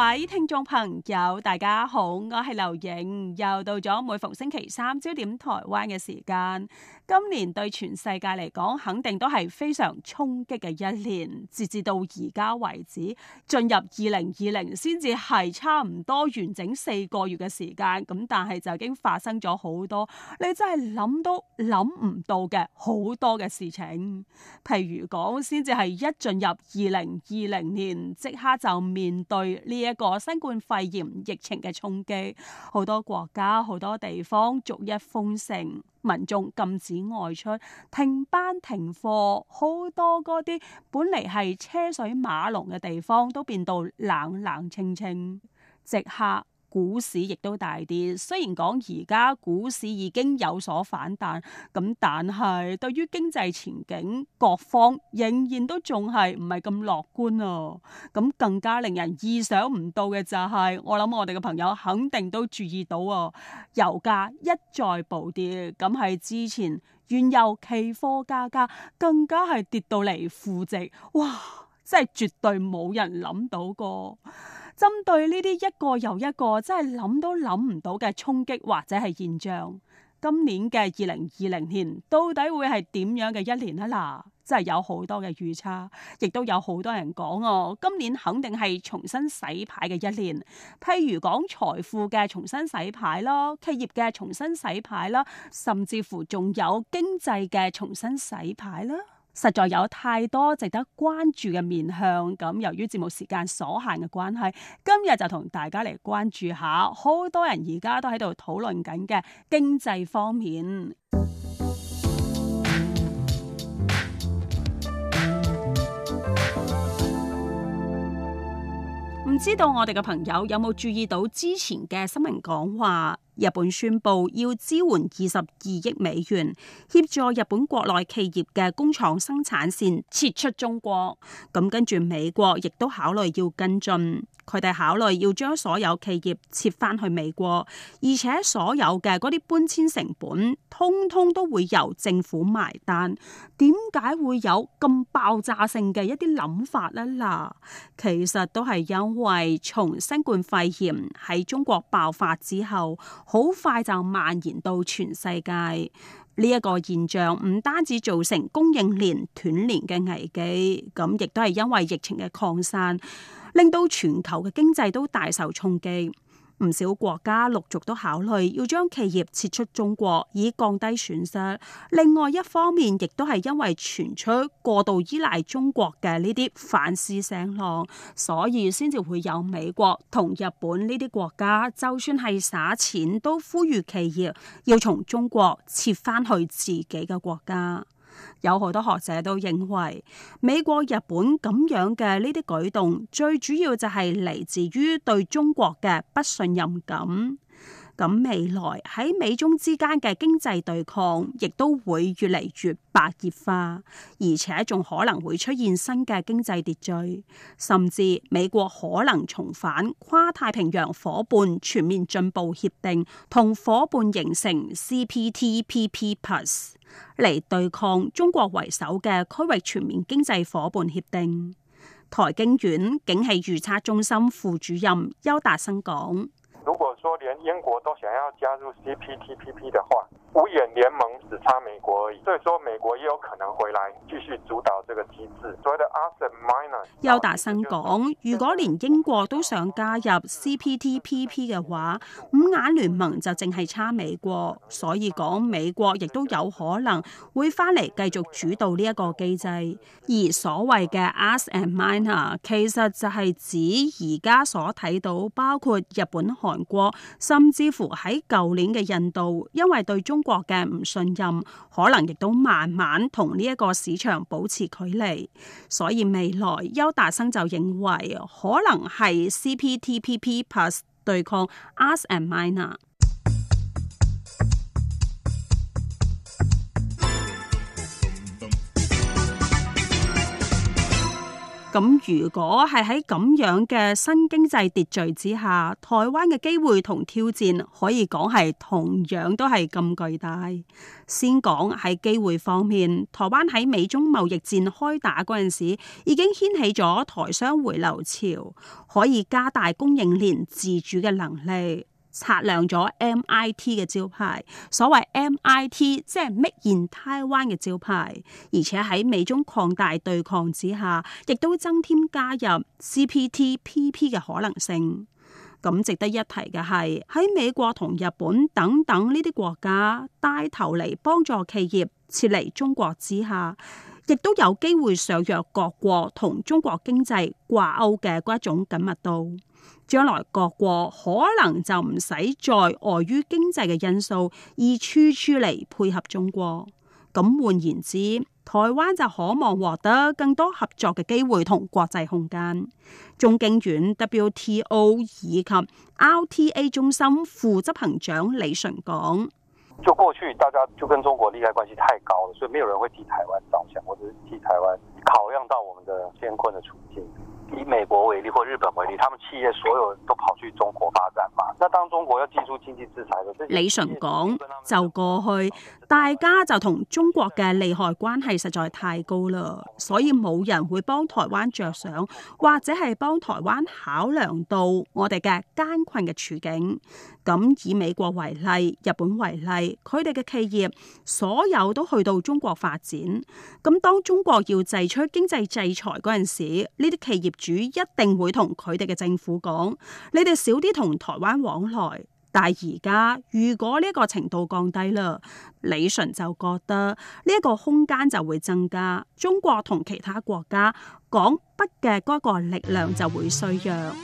各位聽眾朋友，大家好，我係劉影，又到咗每逢星期三焦點台灣嘅時間。今年對全世界嚟講，肯定都係非常衝擊嘅一年。直至到而家為止，進入二零二零先至係差唔多完整四個月嘅時間。咁但係就已經發生咗好多，你真係諗都諗唔到嘅好多嘅事情。譬如講，先至係一進入二零二零年，即刻就面對呢一。一個新冠肺炎疫情嘅衝擊，好多國家、好多地方逐一封城，民眾禁止外出、停班停課，好多嗰啲本嚟係車水馬龍嘅地方都變到冷冷清清。直客。股市亦都大跌，雖然講而家股市已經有所反彈，咁但係對於經濟前景，各方仍然都仲係唔係咁樂觀啊、哦！咁更加令人意想唔到嘅就係、是，我諗我哋嘅朋友肯定都注意到啊、哦，油價一再暴跌，咁係之前原油期貨價格更加係跌到嚟負值，哇！真係絕對冇人諗到過。針對呢啲一個又一個真係諗都諗唔到嘅衝擊或者係現象，今年嘅二零二零年到底會係點樣嘅一年啊？嗱，真係有好多嘅預測，亦都有好多人講哦，今年肯定係重新洗牌嘅一年。譬如講財富嘅重新洗牌啦，企業嘅重新洗牌啦，甚至乎仲有經濟嘅重新洗牌啦。實在有太多值得關注嘅面向，咁由於節目時間所限嘅關係，今日就同大家嚟關注下，好多人而家都喺度討論緊嘅經濟方面。唔知道我哋嘅朋友有冇注意到之前嘅新聞講話？日本宣布要支援二十二億美元，協助日本國內企業嘅工廠生產線撤出中國，咁跟住美國亦都考慮要跟進。佢哋考慮要將所有企業撤翻去美國，而且所有嘅嗰啲搬遷成本，通通都會由政府埋單。點解會有咁爆炸性嘅一啲諗法呢？嗱，其實都係因為從新冠肺炎喺中國爆發之後，好快就蔓延到全世界呢一個現象，唔單止造成供應鏈斷鏈嘅危機，咁亦都係因為疫情嘅擴散。令到全球嘅經濟都大受衝擊，唔少國家陸續都考慮要將企業撤出中國，以降低損失。另外一方面，亦都係因為傳出過度依賴中國嘅呢啲反思聲浪，所以先至會有美國同日本呢啲國家，就算係撒錢，都呼籲企業要從中國撤返去自己嘅國家。有好多學者都認為，美國、日本咁樣嘅呢啲舉動，最主要就係嚟自於對中國嘅不信任感。咁未來喺美中之間嘅經濟對抗，亦都會越嚟越白熱化，而且仲可能會出現新嘅經濟秩序，甚至美國可能重返跨太平洋夥伴全面進步協定同夥伴形成 CPTPP Plus 嚟對抗中國為首嘅區域全面經濟伙伴協定，台經院景氣預測中心副主任邱達生講：如果說連英國都想要加入 CPTPP 的話。五眼聯盟只差美國而已，所以說美國也有可能會回來繼續主導這個機制。所謂的 a s and minor，邱達生講，如果連英國都想加入 CPTPP 嘅話，五眼聯盟就淨係差美國，所以講美國亦都有可能會翻嚟繼續主導呢一個機制。而所謂嘅 a s and minor，其實就係指而家所睇到，包括日本、韓國，甚至乎喺舊年嘅印度，因為對中。國嘅唔信任，可能亦都慢慢同呢一個市場保持距離，所以未來邱達生就認為可能係 CPTPP plus 對抗 US and China 咁如果係喺咁樣嘅新經濟秩序之下，台灣嘅機會同挑戰可以講係同樣都係咁巨大。先講喺機會方面，台灣喺美中貿易戰開打嗰陣時，已經掀起咗台商回流潮，可以加大供應鏈自主嘅能力。擦亮咗 MIT 嘅招牌，所謂 MIT 即係 Made in Taiwan 嘅招牌，而且喺美中擴大對抗之下，亦都增添加入 CPTPP 嘅可能性。咁值得一提嘅係，喺美國同日本等等呢啲國家帶頭嚟幫助企業撤離中國之下。亦都有機會削弱各國同中國經濟掛鈎嘅嗰一種緊密度，將來各國可能就唔使再礙於經濟嘅因素而處處嚟配合中國。咁換言之，台灣就可望獲得更多合作嘅機會同國際空間。中經院 WTO 以及 RTA 中心副執行長李淳講。就過去，大家就跟中國利害關係太高了，所以沒有人會替台灣着想，或者替台灣考量到我們的艱困的處境。以美國為例或日本為例，他們企業所有人都跑去中國發展嘛。那當中國要祭出經濟制裁嘅，李淳講，就過去，大家就同中國嘅利害關係實在太高啦，所以冇人會幫台灣着想，或者係幫台灣考量到我哋嘅艱困嘅處境。咁以美國為例，日本為例，佢哋嘅企業所有都去到中國發展。咁當中國要祭出經濟制裁嗰陣時，呢啲企業主一定會同佢哋嘅政府講：你哋少啲同台灣往來。但係而家如果呢個程度降低啦，李淳就覺得呢一個空間就會增加，中國同其他國家講不嘅嗰個力量就會衰弱。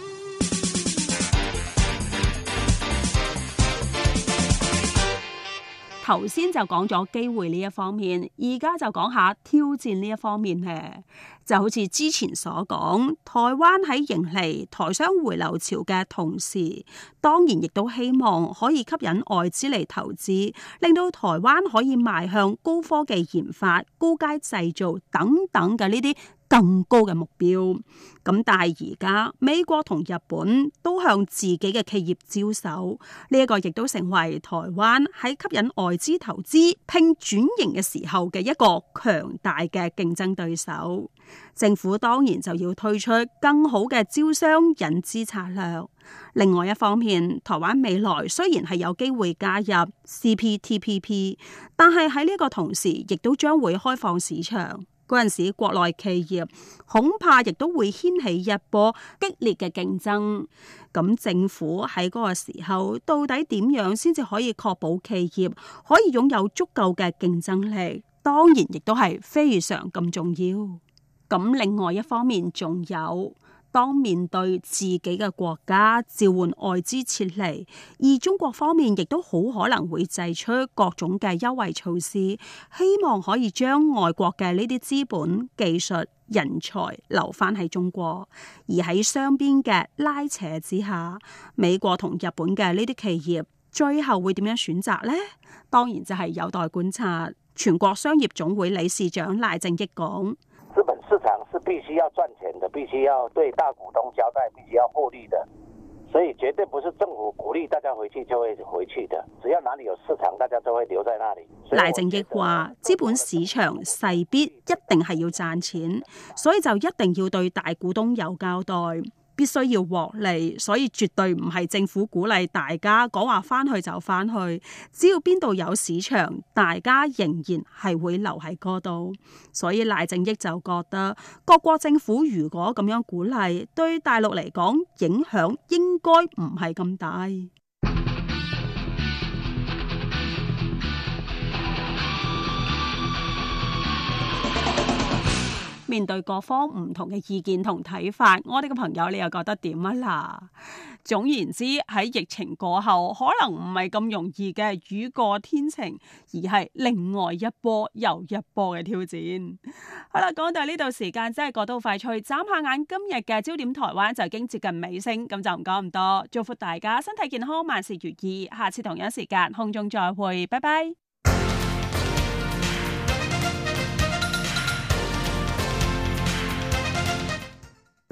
頭先就講咗機會呢一方面，而家就講下挑戰呢一方面嘅，就好似之前所講，台灣喺迎嚟台商回流潮嘅同時，當然亦都希望可以吸引外資嚟投資，令到台灣可以邁向高科技研發、高階製造等等嘅呢啲。更高嘅目標，咁但係而家美國同日本都向自己嘅企業招手，呢一個亦都成為台灣喺吸引外資投資、拼轉型嘅時候嘅一個強大嘅競爭對手。政府當然就要推出更好嘅招商引資策略。另外一方面，台灣未來雖然係有機會加入 CPTPP，但係喺呢個同時，亦都將會開放市場。嗰陣時，國內企業恐怕亦都會掀起一波激烈嘅競爭。咁政府喺嗰個時候到底點樣先至可以確保企業可以擁有足夠嘅競爭力？當然，亦都係非常咁重要。咁另外一方面，仲有。當面對自己嘅國家召喚外資撤離，而中國方面亦都好可能會祭出各種嘅優惠措施，希望可以將外國嘅呢啲資本、技術、人才留返喺中國。而喺雙邊嘅拉扯之下，美國同日本嘅呢啲企業最後會點樣選擇呢？當然就係有待觀察。全國商業總會理事長賴正益講。資本市場是必須要賺錢的，必須要對大股東交代，必須要獲利的，所以絕對不是政府鼓勵大家回去就會回去的。只要哪裏有市場，大家都會留在那裏。賴正鎰話：資本市場勢必一定係要賺錢，所以就一定要對大股東有交代。必須要獲利，所以絕對唔係政府鼓勵大家講話翻去就翻去。只要邊度有市場，大家仍然係會留喺嗰度。所以賴正益就覺得，各國政府如果咁樣鼓勵，對大陸嚟講影響應該唔係咁大。面對各方唔同嘅意見同睇法，我哋個朋友你又覺得點啊啦？總言之，喺疫情過後，可能唔係咁容易嘅雨過天晴，而係另外一波又一波嘅挑戰。好啦，講到呢度時間真係過到快脆，眨下眼今日嘅焦點台灣就已經接近尾聲，咁就唔講咁多，祝福大家身體健康，萬事如意。下次同樣時間空中再會，拜拜。